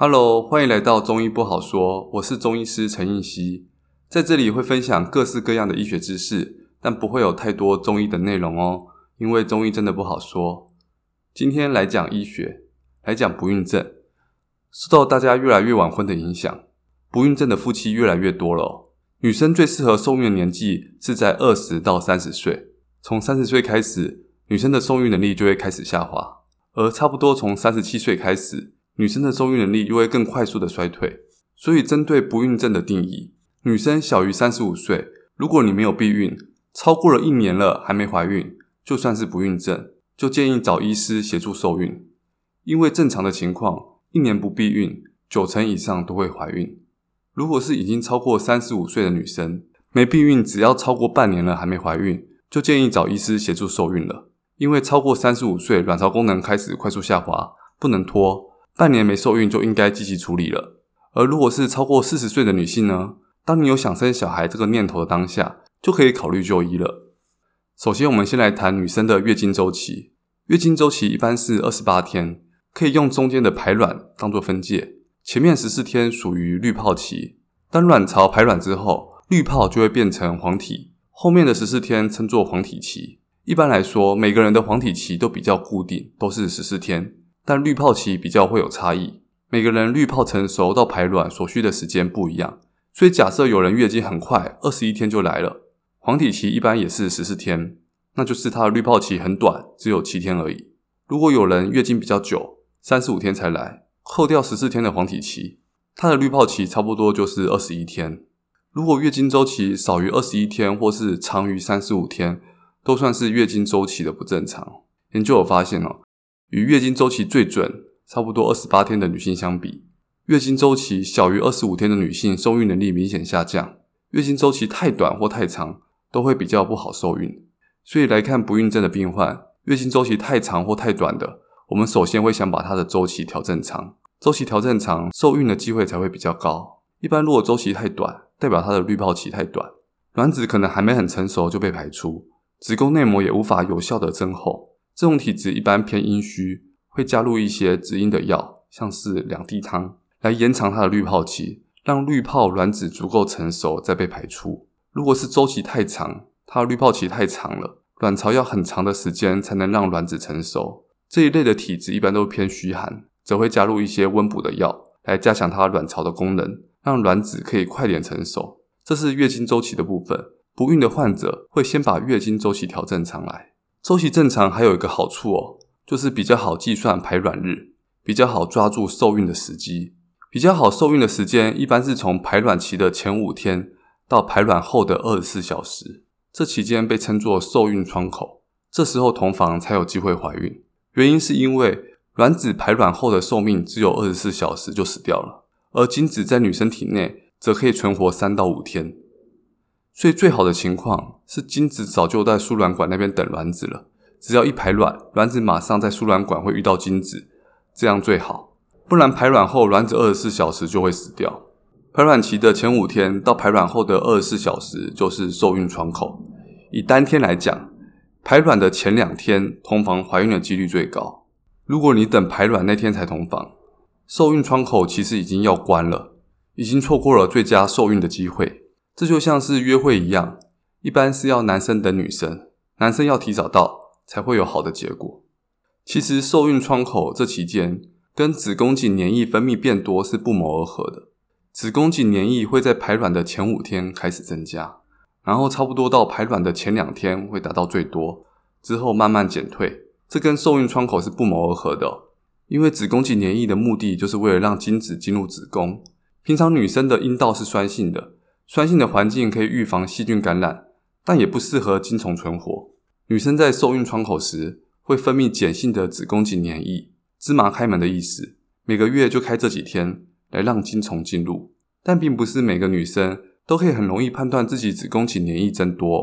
哈嘍，歡迎來到中醫不好說，我是中醫師陳應希。在這裡會分享各式各樣的醫學知識，但不會有太多中醫的內容哦，因為中醫真的不好說。今天來講醫學，來講不孕症。受到大家越來越晚婚的影響，不孕症的夫妻越來越多了哦。女生最適合受孕的年紀是在二十到三十歲，從三十歲開始，女生的受孕能力就會開始下滑，而差不多從三十七歲開始。女生的受孕能力又會更快速的衰退，所以針對不孕症的定義，女生小於三十五歲，如果你沒有避孕，超過了一年了還沒懷孕，就算是不孕症，就建議找醫師協助受孕。因為正常的情況，一年不避孕，九成以上都會懷孕。如果是已經超過三十五歲的女生，沒避孕只要超過半年了還沒懷孕，就建議找醫師協助受孕了。因為超過三十五歲，卵巢功能開始快速下滑，不能拖。半年沒受孕就應該積極處理了。而如果是超過四十歲的女性呢？當你有想生小孩這個念頭的當下，就可以考慮就醫了。首先，我們先來談女生的月經週期。月經週期一般是二十八天，可以用中間的排卵當做分界。前面十四天屬於濾泡期，當卵巢排卵之後，濾泡就會變成黃體。後面的十四天稱作黃體期。一般來說，每個人的黃體期都比較固定，都是十四天。但濾泡期比較會有差異，每個人濾泡成熟到排卵所需的時間不一樣，所以假設有人月經很快，二十一天就來了，黃體期一般也是十四天，那就是他的濾泡期很短，只有七天而已。如果有人月經比較久，三十五天才來，扣掉十四天的黃體期，他的濾泡期差不多就是二十一天。如果月經週期少於二十一天，或是長於三十五天，都算是月經週期的不正常。研究有發現哦、喔。與月經週期最準，差不多二十八天的女性相比，月經週期小於二十五天的女性受孕能力明顯下降。月經週期太短或太長，都會比較不好受孕。所以來看不孕症的病患，月經週期太長或太短的，我們首先會想把她的週期調正常。週期調正常，受孕的機會才會比較高。一般如果週期太短，代表她的濾泡期太短，卵子可能還沒很成熟就被排出，子宮內膜也無法有效的增厚。這種體質一般偏陰虛，會加入一些滋陰的藥，像是兩地湯，來延長它的濾泡期，讓濾泡卵子足夠成熟再被排出。如果是周期太長，它的濾泡期太長了，卵巢要很長的時間才能讓卵子成熟。這一類的體質一般都偏虛寒，則會加入一些溫補的藥，來加強它卵巢的功能，讓卵子可以快點成熟。這是月經周期的部分，不孕的患者會先把月經周期調正常來。週期正常還有一個好處哦，就是比較好計算排卵日，比較好抓住受孕的時機。比較好受孕的時間一般是從排卵期的前五天到排卵後的二十四小時，這期間被稱作受孕窗口，這時候同房才有機會懷孕。原因是因為卵子排卵後的壽命只有二十四小時就死掉了，而精子在女生體內則可以存活三到五天。最最好的情況是精子早就在輸卵管那邊等卵子了。只要一排卵，卵子馬上在輸卵管會遇到精子，這樣最好。不然排卵後卵子二十四小時就會死掉。排卵期的前五天到排卵後的二十四小時就是受孕窗口。以單天來講，排卵的前兩天同房懷孕的幾率最高。如果你等排卵那天才同房，受孕窗口其實已經要關了，已經錯過了最佳受孕的機會。這就像是約會一樣，一般是要男生等女生，男生要提早到才會有好的結果。其實受孕窗口這期間跟子宮頸粘液分泌變多是不謀而合的。子宮頸粘液會在排卵的前五天開始增加，然後差不多到排卵的前兩天會達到最多，之後慢慢減退。這跟受孕窗口是不謀而合的哦，因為子宮頸粘液的目的就是為了讓精子進入子宮。平常女生的陰道是酸性的。酸性的環境可以預防細菌感染，但也不適合精蟲存活。女生在受孕窗口時會分泌鹼性的子宮頸粘液，芝麻開門的意思，每個月就開這幾天來讓精蟲進入。但並不是每個女生都可以很容易判斷自己子宮頸粘液增多哦。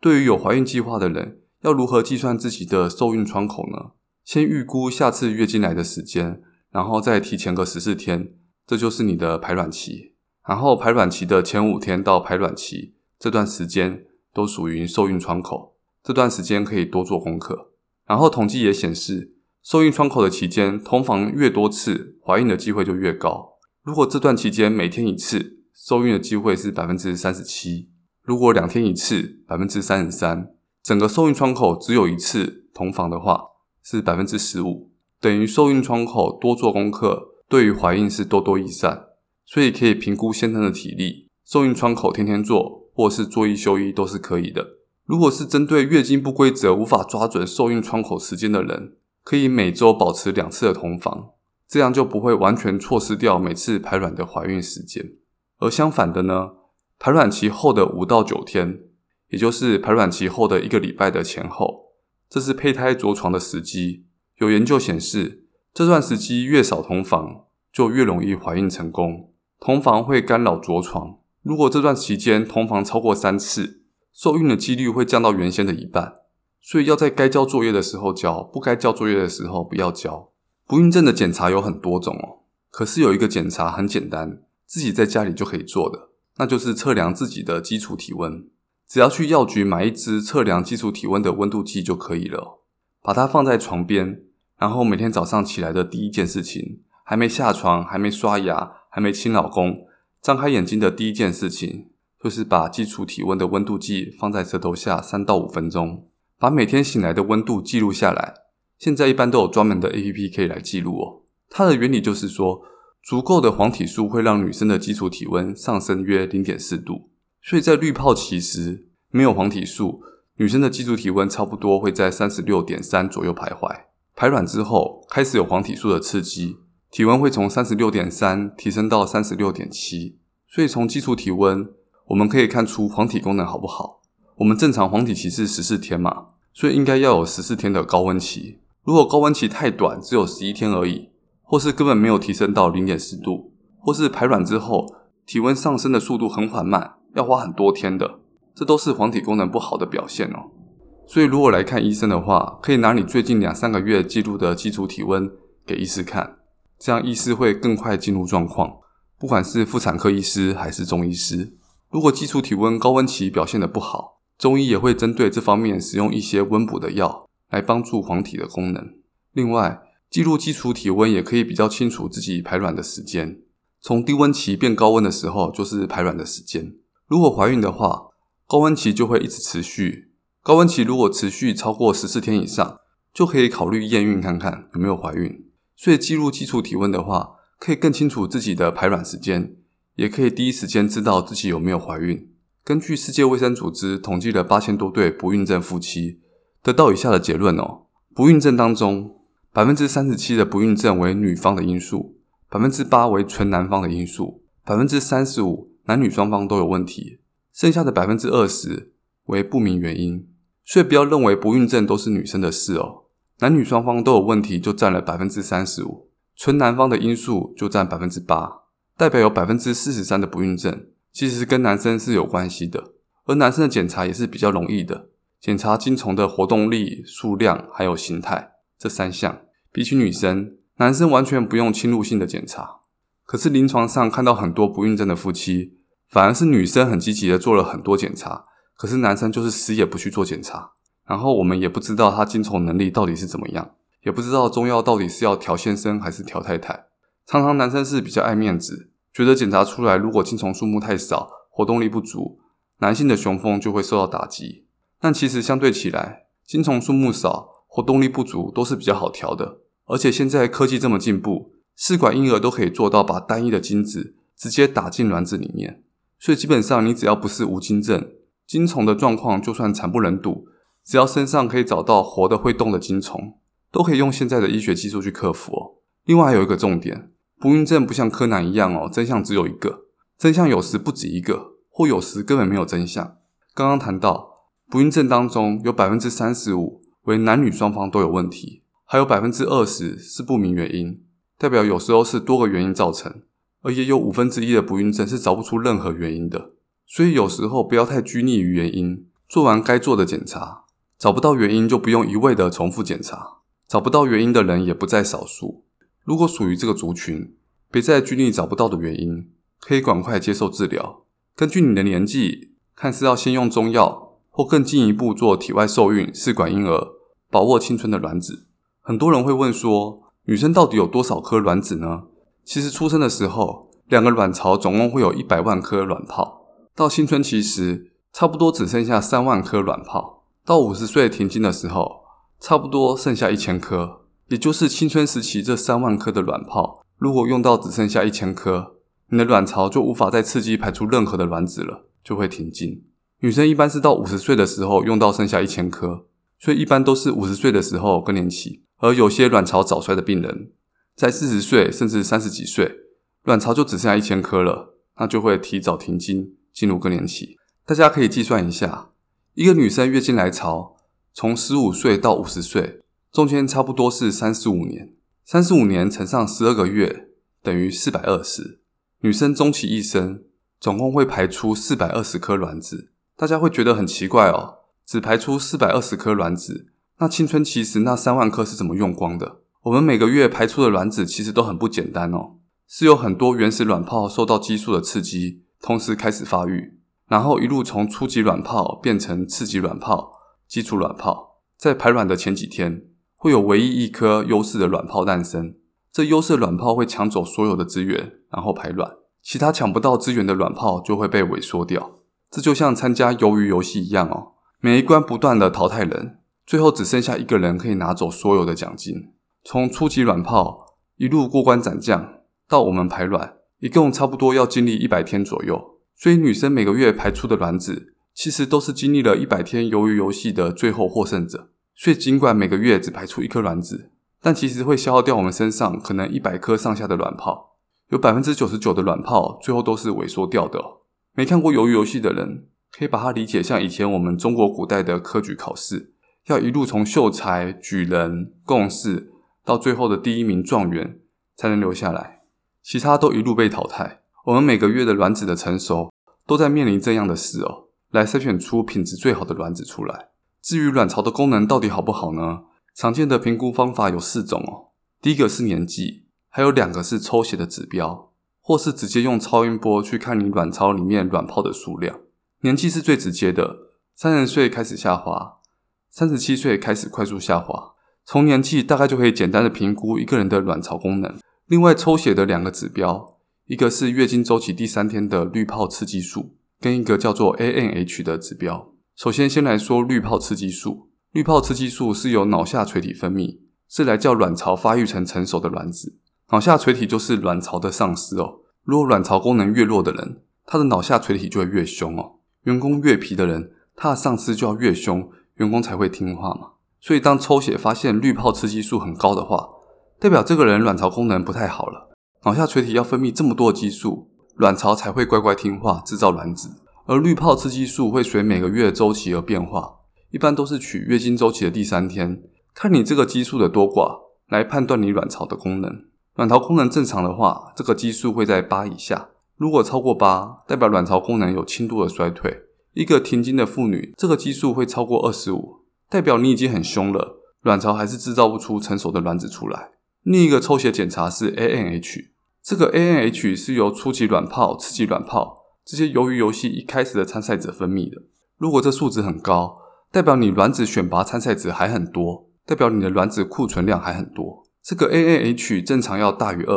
對於有懷孕計劃的人，要如何計算自己的受孕窗口呢？先預估下次月經來的時間，然後再提前個十四天，這就是你的排卵期。然後排卵期的前五天到排卵期，這段時間都屬於受孕窗口，這段時間可以多做功課。然後統計也顯示，受孕窗口的期間，同房越多次，懷孕的機會就越高。如果這段期間每天一次，受孕的機會是百分之三十七；如果兩天一次，百分之三十三；整個受孕窗口只有一次同房的話，是百分之十五。等於受孕窗口多做功課，對於懷孕是多多益善。所以可以評估先生的體力，受孕窗口天天做或是做一休一都是可以的。如果是針對月經不規則、無法抓準受孕窗口時間的人，可以每周保持兩次的同房，這樣就不會完全錯失掉每次排卵的懷孕時間。而相反的呢，排卵期後的五到九天，也就是排卵期後的一個禮拜的前後，這是胚胎着床的時機。有研究顯示，這段時期越少同房，就越容易懷孕成功。同房會干擾着床，如果這段期間同房超過三次，受孕的幾率會降到原先的一半。所以要在該交作業的時候交，不該交作業的時候不要交。不孕症的檢查有很多種哦，可是有一個檢查很簡單，自己在家裡就可以做的，那就是測量自己的基礎體溫。只要去藥局買一支測量基礎體溫的溫度計就可以了，把它放在床邊，然後每天早上起來的第一件事情，還沒下床，還沒刷牙。還沒親老公，張開眼睛的第一件事情就是把基礎體溫的溫度計放在舌頭下三到五分鐘，把每天醒來的溫度記錄下來。現在一般都有專門的 APP 可以來記錄哦。它的原理就是說，足夠的黃體素會讓女生的基礎體溫上升約零點四度，所以在濾泡期時沒有黃體素，女生的基礎體溫差不多會在三十六點三左右徘徊。排卵之後開始有黃體素的刺激。體溫會從三十六點三提升到三十六點七，所以從基礎體溫我們可以看出黃體功能好不好。我們正常黃體期是十四天嘛，所以應該要有十四天的高溫期。如果高溫期太短，只有十一天而已，或是根本沒有提升到零點四度，或是排卵之後體溫上升的速度很緩慢，要花很多天的，這都是黃體功能不好的表現哦。所以如果來看醫生的話，可以拿你最近兩三個月記錄的基礎體溫給醫師看。這樣醫師會更快進入狀況，不管是婦產科醫師還是中醫師。如果基礎體溫高溫期表現得不好，中醫也會針對這方面使用一些溫補的藥來幫助黃體的功能。另外，記錄基礎體溫也可以比較清楚自己排卵的時間。從低溫期變高溫的時候就是排卵的時間。如果懷孕的話，高溫期就會一直持續。高溫期如果持續超過十四天以上，就可以考慮驗孕看看有沒有懷孕。所以記錄基礎體溫的話，可以更清楚自己的排卵時間，也可以第一時間知道自己有沒有懷孕。根據世界衛生組織統計了八千多對不孕症夫妻，得到以下的結論哦。不孕症當中，百分之三十七的不孕症為女方的因素，百分之八為純男方的因素，百分之三十五男女雙方都有問題，剩下的百分之二十為不明原因。所以不要認為不孕症都是女生的事哦。男女雙方都有問題就，就占了百分之三十五。純男方的因素就占百分之八，代表有百分之四十三的不孕症其實跟男生是有關係的。而男生的檢查也是比較容易的，檢查精蟲的活動力、數量還有形態這三項，比起女生，男生完全不用侵入性的檢查。可是臨床上看到很多不孕症的夫妻，反而是女生很積極的做了很多檢查，可是男生就是死也不去做檢查。然後我們也不知道他精蟲能力到底是怎麼樣，也不知道中藥到底是要調先生還是調太太。常常男生是比較愛面子，覺得檢查出來如果精蟲數目太少，活動力不足，男性的雄風就會受到打擊。但其實相對起來，精蟲數目少，活動力不足都是比較好調的。而且現在科技這麼進步，試管嬰兒都可以做到把單一的精子直接打進卵子裡面，所以基本上你只要不是無精症，精蟲的狀況就算慘不忍睹，只要身上可以找到活的會動的精蟲，都可以用現在的醫學技術去克服哦。另外還有一個重點，不孕症不像柯南一樣哦，真相只有一個，真相有時不止一個，或有時根本沒有真相。剛剛談到不孕症當中有35，有百分之三十五為男女雙方都有問題，還有百分之二十是不明原因，代表有時候是多個原因造成，而也有五分之一的不孕症是找不出任何原因的。所以有時候不要太拘泥於原因，做完該做的檢查。找不到原因就不用一味地重複檢查，找不到原因的人也不在少數。如果屬於這個族群，別再拘泥找不到的原因，可以趕快接受治療。根據你的年紀，看似要先用中藥，或更進一步做體外受孕、試管嬰兒，把握青春的卵子。很多人會問說，女生到底有多少顆卵子呢？其實出生的時候，兩個卵巢總共會有一百萬顆卵泡，到青春期時，差不多只剩下三萬顆卵泡。到五十歲停經的時候，差不多剩下一千顆，也就是青春時期這三萬顆的卵泡。如果用到只剩下一千顆，你的卵巢就無法再刺激排出任何的卵子了，就會停經。女生一般是到五十歲的時候用到剩下一千顆，所以一般都是五十歲的時候更年期。而有些卵巢早衰的病人，在四十歲甚至三十幾歲，卵巢就只剩下一千顆了，那就會提早停經，進入更年期。大家可以計算一下。一個女生月經來潮，從十五歲到五十歲，中間差不多是三十五年。三十五年乘上十二個月，等於四百二十。女生終其一生，總共會排出四百二十顆卵子。大家會覺得很奇怪哦，只排出四百二十顆卵子，那青春期時那三萬顆是怎麼用光的？我們每個月排出的卵子其實都很不簡單哦，是有很多原始卵泡受到激素的刺激，同時開始發育。然後一路從初級卵泡變成次級卵泡、基礎卵泡，在排卵的前幾天，會有唯一一顆優勢的卵泡誕生。這優勢卵泡會搶走所有的資源，然後排卵，其他搶不到資源的卵泡就會被萎縮掉。這就像參加魷魚遊戲一樣哦，每一關不斷地淘汰人，最後只剩下一個人可以拿走所有的獎金。從初級卵泡一路過關斬將到我們排卵，一共差不多要經歷一百天左右。所以，女生每個月排出的卵子，其實都是經歷了一百天“魷魚遊戲”的最後獲勝者。所以，儘管每個月只排出一顆卵子，但其實會消耗掉我們身上可能一百顆上下的卵泡。有百分之九十九的卵泡最後都是萎縮掉的。沒看過“魷魚遊戲”的人，可以把它理解像以前我們中國古代的科舉考試，要一路從秀才、舉人、貢士，到最後的第一名狀元才能留下來，其他都一路被淘汰。我們每個月的卵子的成熟都在面臨這樣的事哦，來篩選出品質最好的卵子出來。至於卵巢的功能到底好不好呢？常見的評估方法有四種哦。第一個是年紀，還有兩個是抽血的指標，或是直接用超音波去看你卵巢裡面卵泡的數量。年紀是最直接的，三十歲開始下滑，三十七歲開始快速下滑。從年紀大概就可以簡單的評估一個人的卵巢功能。另外抽血的兩個指標，一個是月經週期第三天的濾泡刺激素，跟一個叫做 AMH 的指標。首先，先來說濾泡刺激素。濾泡刺激素是由腦下垂體分泌，是來叫卵巢發育成成熟的卵子。腦下垂體就是卵巢的上司哦。如果卵巢功能越弱的人，他的腦下垂體就會越兇哦。員工越皮的人，他的上司就要越兇，員工才會聽話嘛。所以，當抽血發現濾泡刺激素很高的話，代表這個人卵巢功能不太好了。腦下垂體要分泌這麼多的激素，卵巢才會乖乖聽話制造卵子。而濾泡刺激素會隨每個月的周期而變化，一般都是取月經周期的第三天，看你這個激素的多寡來判斷你卵巢的功能。卵巢功能正常的話，這個激素會在八以下。如果超過八，代表卵巢功能有輕度的衰退。一個停經的婦女，這個激素會超過二十五，代表你已經很凶了，卵巢還是制造不出成熟的卵子出來。另一個抽血檢查是 AMH。這個 ANH 是由初級卵泡、次級卵泡這些魷魚遊戲一開始的參賽者分泌的。如果這數值很高，代表你卵子選拔參賽者還很多，代表你的卵子庫存量還很多。這個 ANH 正常要大於二，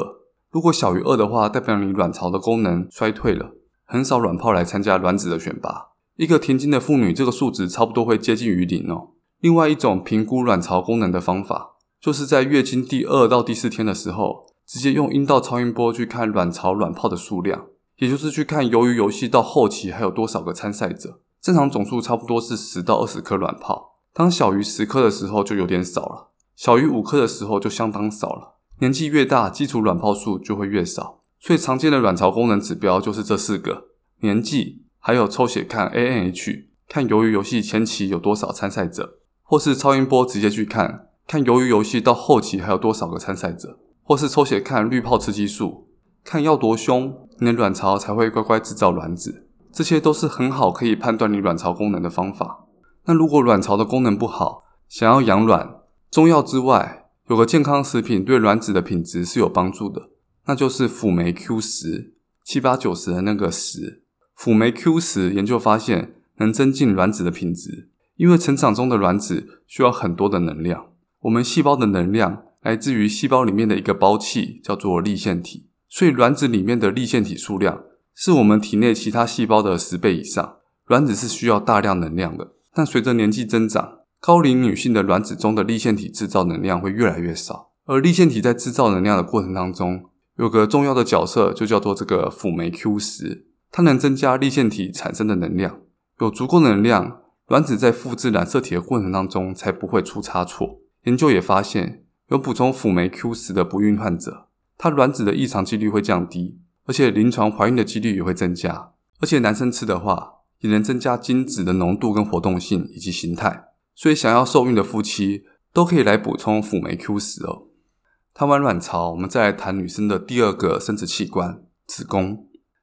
如果小於二的話，代表你卵巢的功能衰退了，很少卵泡來參加卵子的選拔。一個停經的婦女，這個數值差不多會接近於零哦。另外一種評估卵巢功能的方法，就是在月經第二到第四天的時候。直接用陰道超音波去看卵巢卵泡的數量，也就是去看魷魚遊戲到後期還有多少個參賽者。正常總數差不多是十到二十顆卵泡，當小於十顆的時候就有點少了，小於五顆的時候就相當少了。年紀越大，基礎卵泡數就會越少，最常見的卵巢功能指標就是這四個：年紀，還有抽血看 AMH，看魷魚遊戲前期有多少參賽者，或是超音波直接去看看魷魚遊戲到後期還有多少個參賽者。或是抽血看濾泡刺激素，看藥多凶，你的卵巢才會乖乖製造卵子。這些都是很好可以判斷你卵巢功能的方法。那如果卵巢的功能不好，想要養卵，中藥之外，有個健康食品對卵子的品質是有幫助的，那就是輔酶 Q 十，七八九十的那個十。輔酶 Q 十研究發現能增進卵子的品質，因為成長中的卵子需要很多的能量，我們細胞的能量。來自於細胞裡面的一個胞器，叫做粒線體。所以卵子裡面的粒線體數量是我們體內其他細胞的十倍以上。卵子是需要大量能量的，但隨着年紀增長，高齡女性的卵子中的粒線體制造能量會越來越少。而粒線體在制造能量的過程當中，有個重要的角色，就叫做這個輔酶 Q10，它能增加粒線體產生的能量。有足夠能量，卵子在複制染色體的過程當中才不會出差錯。研究也發現。有補充輔酶 Q10 的不孕患者，她卵子的異常幾率會降低，而且臨床懷孕的幾率也會增加。而且男生吃的話，也能增加精子的濃度跟活動性以及形態。所以想要受孕的夫妻都可以來補充輔酶 Q10 哦。談完卵巢，我們再來談女生的第二個生殖器官——子宮。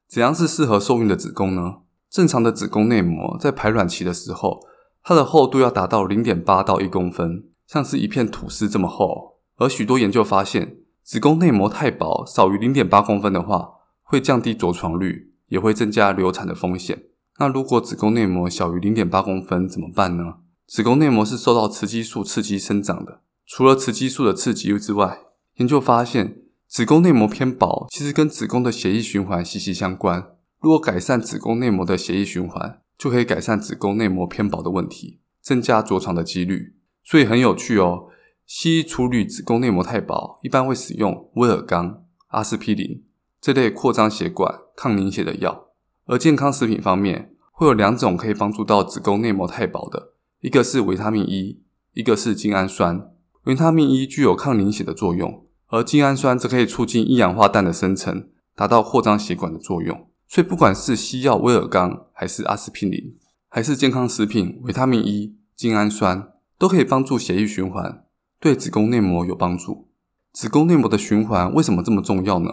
怎樣是適合受孕的子宮呢？正常的子宮內膜在排卵期的時候，它的厚度要達到零點八到一公分，像是一片吐司這麼厚。而許多研究發現，子宮內膜太薄，少於零點八公分的話，會降低着床率，也會增加流產的風險。那如果子宮內膜小於零點八公分怎麼辦呢？子宮內膜是受到雌激素刺激生長的，除了雌激素的刺激之外，研究發現子宮內膜偏薄其實跟子宮的血液循環息息相關。如果改善子宮內膜的血液循環，就可以改善子宮內膜偏薄的問題，增加着床的幾率。所以很有趣哦。西醫處理子宮內膜太薄，一般會使用威而鋼、阿司匹林這類擴張血管、抗凝血的藥。而健康食品方面，會有兩種可以幫助到子宮內膜太薄的，一個是維他命 E，一個是精氨酸。維他命 E 具有抗凝血的作用，而精氨酸則可以促進一氧化氮的生成，達到擴張血管的作用。所以，不管是西藥威而鋼，還是阿司匹林，還是健康食品維他命 E、精氨酸，都可以幫助血液循環。對子宮內膜有幫助。子宮內膜的循環為什麼這麼重要呢？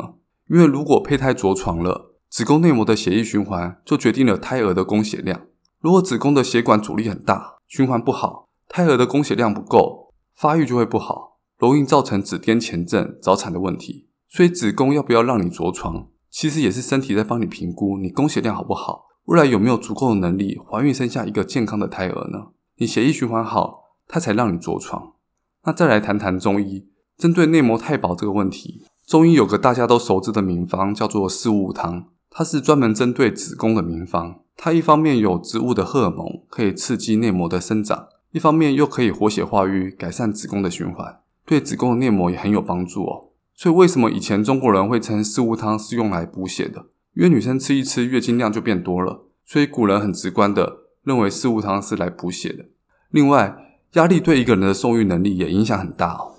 因為如果胚胎着床了，子宮內膜的血液循環就決定了胎兒的供血量。如果子宮的血管阻力很大，循環不好，胎兒的供血量不夠，發育就會不好，容易造成子癇前症、早產的問題。所以子宮要不要讓你着床，其實也是身體在幫你評估你供血量好不好，未來有沒有足夠的能力懷孕生下一個健康的胎兒呢？你血液循環好，它才讓你着床。那再來談談中醫，針對內膜太薄這個問題，中醫有個大家都熟知的名方，叫做四物湯。它是專門針對子宮的名方。它一方面有植物的荷爾蒙，可以刺激內膜的生長，一方面又可以活血化瘀，改善子宮的循環，對子宮的內膜也很有幫助哦。所以為什麼以前中國人會稱四物湯是用來補血的？因為女生吃一吃，月經量就變多了，所以古人很直觀地認為四物湯是來補血的。另外，壓力對一個人的受孕能力也影響很大哦。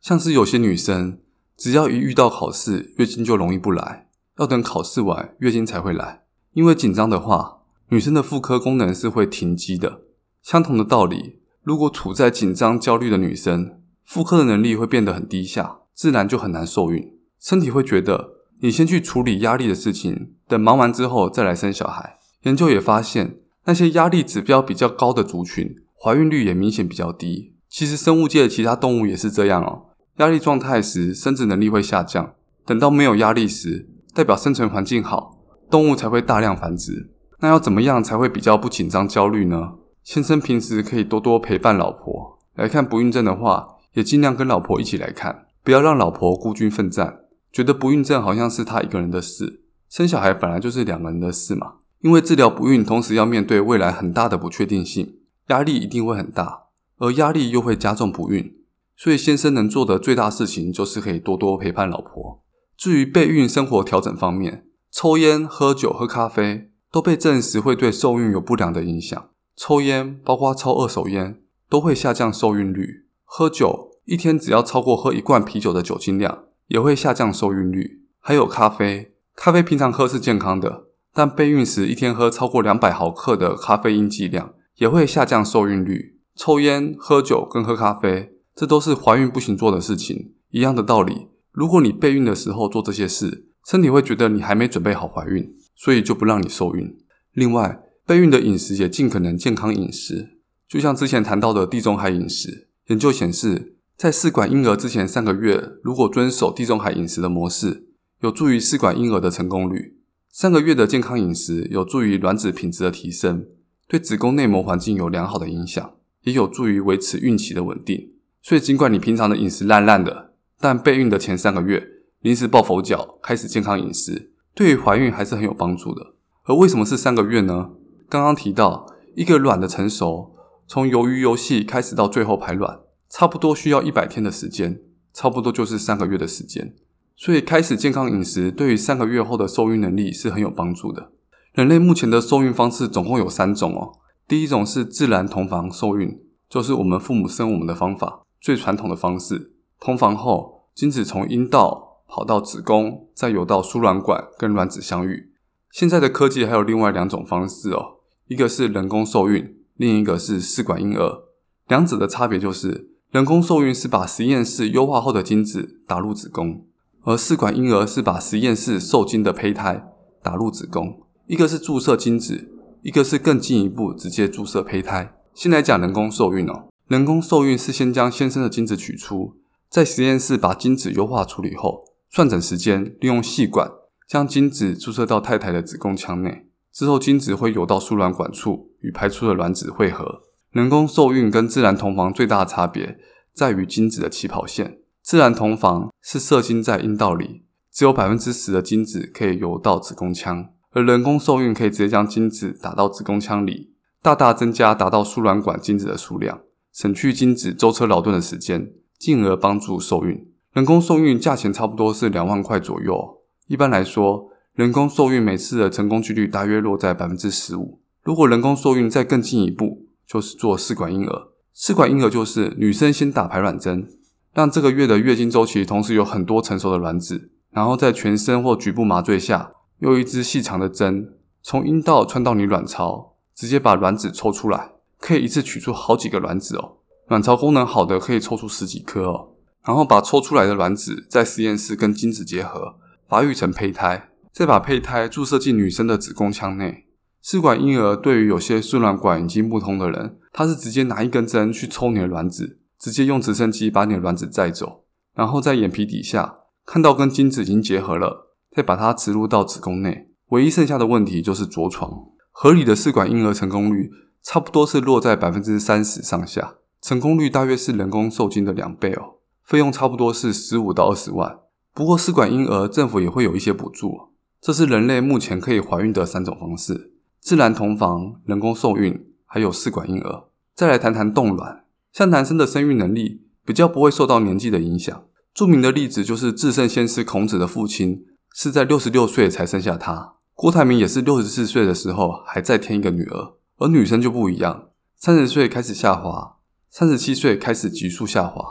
像是有些女生，只要一遇到考試，月經就容易不來，要等考試完月經才會來。因為緊張的話，女生的婦科功能是會停機的。相同的道理，如果處在緊張、焦慮的女生，婦科的能力會變得很低下，自然就很難受孕。身體會覺得你先去處理壓力的事情，等忙完之後再來生小孩。研究也發現，那些壓力指標比較高的族群，懷孕率也明顯比較低。其實生物界的其他動物也是這樣哦。壓力狀態時，生殖能力會下降；等到沒有壓力時，代表生存環境好，動物才會大量繁殖。那要怎麼樣才會比較不緊張、焦慮呢？先生平時可以多多陪伴老婆。來看不孕症的話，也儘量跟老婆一起來看，不要讓老婆孤軍奮戰。覺得不孕症好像是他一個人的事，生小孩本來就是兩個人的事嘛。因為治療不孕，同時要面對未來很大的不確定性。壓力一定會很大，而壓力又會加重不孕，所以先生能做的最大事情就是可以多多陪伴老婆。至於備孕生活調整方面，抽煙、喝酒、喝咖啡都被證實會對受孕有不良的影響。抽煙，包括抽二手煙，都會下降受孕率；喝酒，一天只要超過喝一罐啤酒的酒精量，也會下降受孕率。還有咖啡，咖啡平常喝是健康的，但備孕時一天喝超過兩百毫克的咖啡因劑量，也會下降受孕率。抽煙、喝酒跟喝咖啡，這都是懷孕不行做的事情。一樣的道理，如果你備孕的時候做這些事，身體會覺得你還沒準備好懷孕，所以就不讓你受孕。另外，備孕的飲食也盡可能健康飲食。就像之前談到的地中海飲食，研究顯示，在試管嬰兒之前三個月，如果遵守地中海飲食的模式，有助於試管嬰兒的成功率。三個月的健康飲食有助於卵子品質的提升。對子宮內膜環境有良好的影響，也有助於維持孕期的穩定。所以，儘管你平常的飲食爛爛的，但備孕的前三個月，臨時抱佛腳，開始健康飲食，對於懷孕還是很有幫助的。而為什麼是三個月呢？剛剛提到，一個卵的成熟，從由於遊戲開始到最後排卵，差不多需要一百天的時間，差不多就是三個月的時間。所以，開始健康飲食，對於三個月後的受孕能力是很有幫助的。人類目前的受孕方式總共有三種哦。第一種是自然同房受孕，就是我們父母生我們的方法，最傳統的方式。同房後，精子從陰道跑到子宮，再游到輸卵管跟卵子相遇。現在的科技還有另外兩種方式哦，一個是人工受孕，另一個是試管嬰兒。兩者的差別就是，人工受孕是把實驗室優化後的精子打入子宮，而試管嬰兒是把實驗室受精的胚胎打入子宮。一個是注射精子，一個是更進一步直接注射胚胎。先來講人工受孕哦，人工受孕是先將先生的精子取出，在實驗室把精子優化處理後，算準時間，利用細管將精子注射到太太的子宮腔內，之後精子會游到輸卵管處與排出的卵子會合。人工受孕跟自然同房最大的差別在於精子的起跑線，自然同房是射精在陰道裡，只有百分之十的精子可以游到子宮腔。而人工受孕可以直接將精子打到子宮腔裡，大大增加達到輸卵管精子的數量，省去精子舟車勞頓的時間，進而幫助受孕。人工受孕價錢差不多是兩萬塊左右。一般來說，人工受孕每次的成功幾率大約落在百分之十五。如果人工受孕再更進一步，就是做試管嬰兒。試管嬰兒就是女生先打排卵針，讓這個月的月經週期同時有很多成熟的卵子，然後在全身或局部麻醉下，用一支細長的針，從陰道穿到你卵巢，直接把卵子抽出來，可以一次取出好幾個卵子哦。卵巢功能好的可以抽出十幾顆哦。然後把抽出來的卵子在實驗室跟精子結合，發育成胚胎，再把胚胎注射進女生的子宮腔內。試管嬰兒對於有些輸卵管已經不通的人，他是直接拿一根針去抽你的卵子，直接用直升機把你的卵子載走，然後在眼皮底下看到跟精子已經結合了。再把它植入到子宮內，唯一剩下的問題就是着床。合理的試管嬰兒成功率差不多是落在百分之三十上下，成功率大約是人工受精的兩倍哦。費用差不多是十五到二十萬，不過試管嬰兒政府也會有一些補助。這是人類目前可以懷孕的三種方式：自然同房、人工受孕，還有試管嬰兒。再來談談凍卵，像男生的生育能力比較不會受到年紀的影響。著名的例子就是至聖先師孔子的父親。是在六十六歲才生下他。郭台銘也是六十四歲的時候還再添一個女兒。而女生就不一樣，三十歲開始下滑，三十七歲開始急速下滑。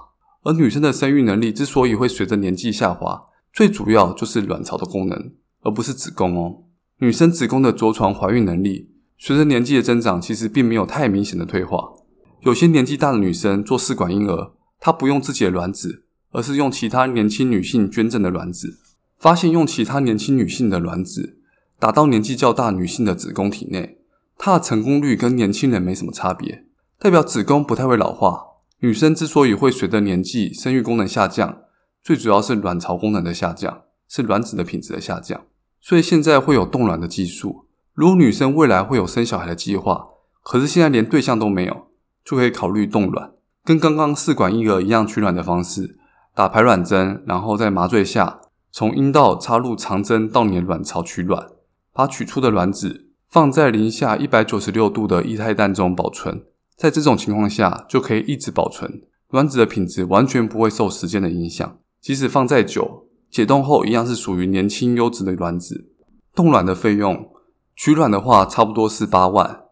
而女生的生育能力之所以會隨着年紀下滑，最主要就是卵巢的功能，而不是子宮哦。女生子宮的着床懷孕能力隨着年紀的增長，其實並沒有太明顯的退化。有些年紀大的女生做試管嬰兒，她不用自己的卵子，而是用其他年輕女性捐贈的卵子。發現用其他年輕女性的卵子打到年紀較大女性的子宮體內，它的成功率跟年輕人沒什麼差別，代表子宮不太會老化。女生之所以會隨着年紀生育功能下降，最主要是卵巢功能的下降，是卵子的品質的下降。所以現在會有凍卵的技術，如果女生未來會有生小孩的計劃，可是現在連對象都沒有，就可以考慮凍卵，跟剛剛試管嬰兒一樣取卵的方式，打排卵針，然後在麻醉下。從陰道插入長針到你的卵巢取卵，把取出的卵子放在零下一百九十六度的液態氮中保存，在這種情況下就可以一直保存卵子的品質，完全不會受時間的影響。即使放再久，解凍後一樣是屬於年輕優質的卵子。凍卵的費用，取卵的話差不多是八萬，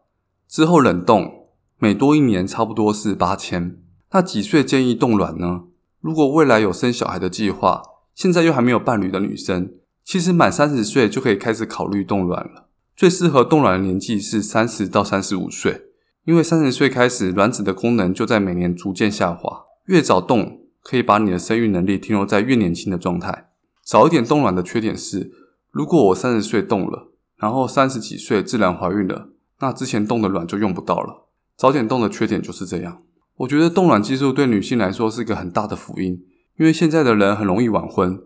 之後冷凍每多一年差不多是八千。那幾歲建議凍卵呢？如果未來有生小孩的計劃，現在又還沒有伴侶的女生，其實滿三十歲就可以開始考慮凍卵了。最適合凍卵的年紀是三十到三十五歲，因為三十歲開始，卵子的功能就在每年逐漸下滑。越早凍，可以把你的生育能力停留在越年輕的狀態。早一點凍卵的缺點是，如果我三十歲凍了，然後三十幾歲自然懷孕了，那之前凍的卵就用不到了。早點凍的缺點就是這樣。我覺得凍卵技術對女性來說是一個很大的福音。因為現在的人很容易晚婚，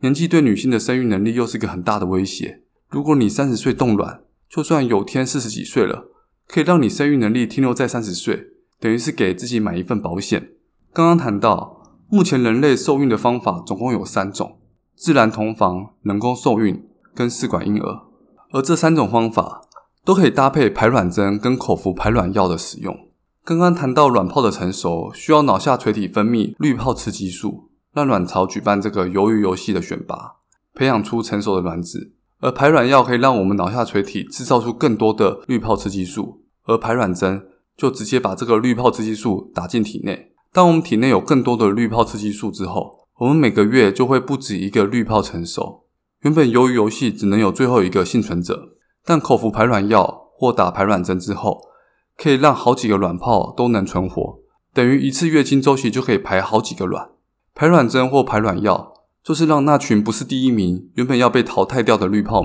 年紀對女性的生育能力又是一個很大的威脅。如果你三十歲凍卵，就算有天四十幾歲了，可以讓你生育能力停留在三十歲，等於是給自己買一份保險。剛剛談到，目前人類受孕的方法總共有三種：自然同房、人工受孕跟試管嬰兒。而這三種方法都可以搭配排卵針跟口服排卵藥的使用。剛剛談到卵泡的成熟需要腦下垂體分泌濾泡刺激素。讓卵巢舉辦這個“魷魚遊戲”的選拔，培養出成熟的卵子。而排卵藥可以讓我們腦下垂體製造出更多的濾泡刺激素，而排卵針就直接把這個濾泡刺激素打進體內。當我們體內有更多的濾泡刺激素之後，我們每個月就會不止一個濾泡成熟。原本“魷魚遊戲”只能有最後一個幸存者，但口服排卵藥或打排卵針之後，可以讓好幾個卵泡都能存活，等於一次月經週期就可以排好幾個卵。排卵針或排卵藥，就是讓那群不是第一名、原本要被淘汰掉的卵泡，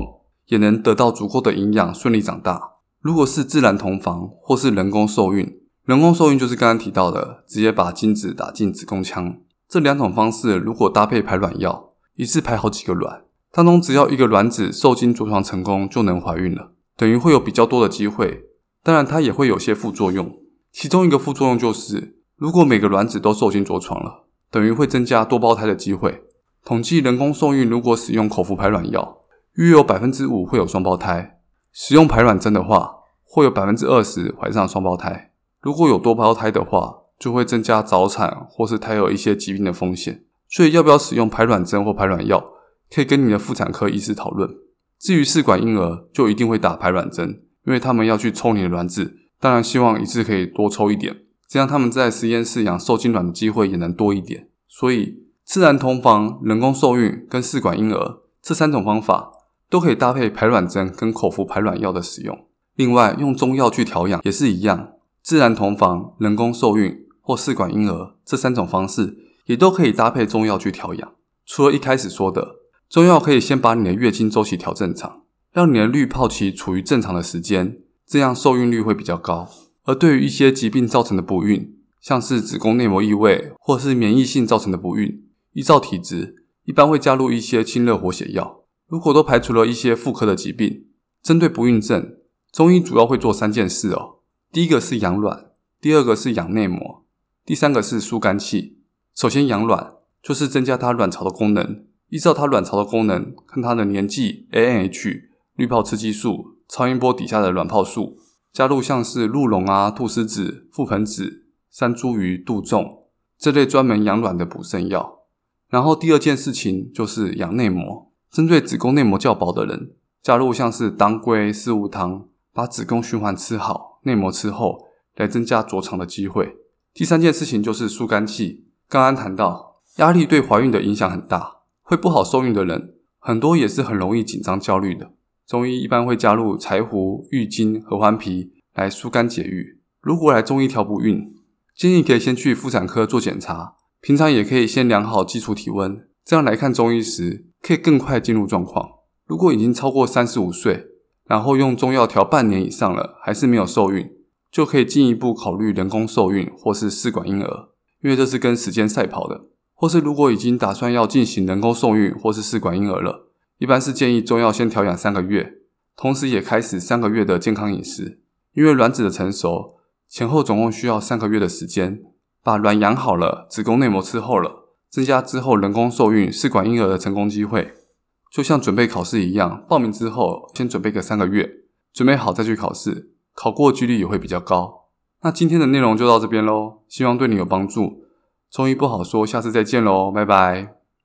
也能得到足夠的營養，順利長大。如果是自然同房或是人工受孕，人工受孕就是剛剛提到的，直接把精子打進子宮腔。這兩種方式如果搭配排卵藥，一次排好幾個卵，當中只要一個卵子受精着床成功，就能懷孕了，等於會有比較多的機會。當然，它也會有些副作用，其中一個副作用就是，如果每個卵子都受精着床了。等於會增加多胞胎的機會。統計人工受孕如果使用口服排卵藥，約有百分之五會有雙胞胎；使用排卵針的話，會有百分之二十懷上雙胞胎。如果有多胞胎的話，就會增加早產或是胎兒有一些疾病的風險。所以要不要使用排卵針或排卵藥，可以跟你的婦產科醫師討論。至於試管嬰兒，就一定會打排卵針，因為他們要去抽你的卵子，當然希望一次可以多抽一點。這樣，他們在實驗室養受精卵的機會也能多一點。所以，自然同房、人工受孕跟試管嬰兒這三種方法，都可以搭配排卵針跟口服排卵藥的使用。另外，用中藥去調養也是一樣。自然同房、人工受孕或試管嬰兒這三種方式，也都可以搭配中藥去調養。除了一開始說的，中藥可以先把你的月經週期調正常，讓你的濾泡期處於正常的時間，這樣受孕率會比較高。而對於一些疾病造成的不孕，像是子宮內膜異位或是免疫性造成的不孕，依照體質，一般會加入一些清熱活血藥。如果都排除了一些婦科的疾病，針對不孕症，中醫主要會做三件事哦。第一個是養卵，第二個是養內膜，第三個是疏肝氣。首先養卵，就是增加它卵巢的功能，依照它卵巢的功能，看它的年紀、AMH、濾泡刺激素、超音波底下的卵泡數。加入像是鹿茸啊、菟絲子、覆盆子、山茱萸、杜仲這類專門養卵的補腎藥。然後第二件事情就是養內膜，針對子宮內膜較薄的人，加入像是當歸、四物湯，把子宮循環吃好，內膜吃厚，來增加着床的機會。第三件事情就是疏肝氣。剛剛談到壓力對懷孕的影響很大，會不好受孕的人很多也是很容易緊張、焦慮的。中醫一般會加入柴胡、鬱金、合歡皮來疏肝解鬱。如果來中醫調不孕，建議可以先去婦產科做檢查，平常也可以先量好基礎體溫，這樣來看中醫時可以更快進入狀況。如果已經超過三十五歲，然後用中藥調半年以上了，還是沒有受孕，就可以進一步考慮人工受孕或是試管嬰兒，因為這是跟時間賽跑的。或是如果已經打算要進行人工受孕或是試管嬰兒了。一般是建議中藥先調養三個月，同時也開始三個月的健康飲食，因為卵子的成熟前後總共需要三個月的時間，把卵養好了，子宮內膜伺候了，增加之後人工受孕、試管嬰兒的成功機會。就像準備考試一樣，報名之後先準備個三個月，準備好再去考試，考過幾率也會比較高。那今天的內容就到這邊嘍，希望對你有幫助。中醫不好說，下次再見嘍，拜拜。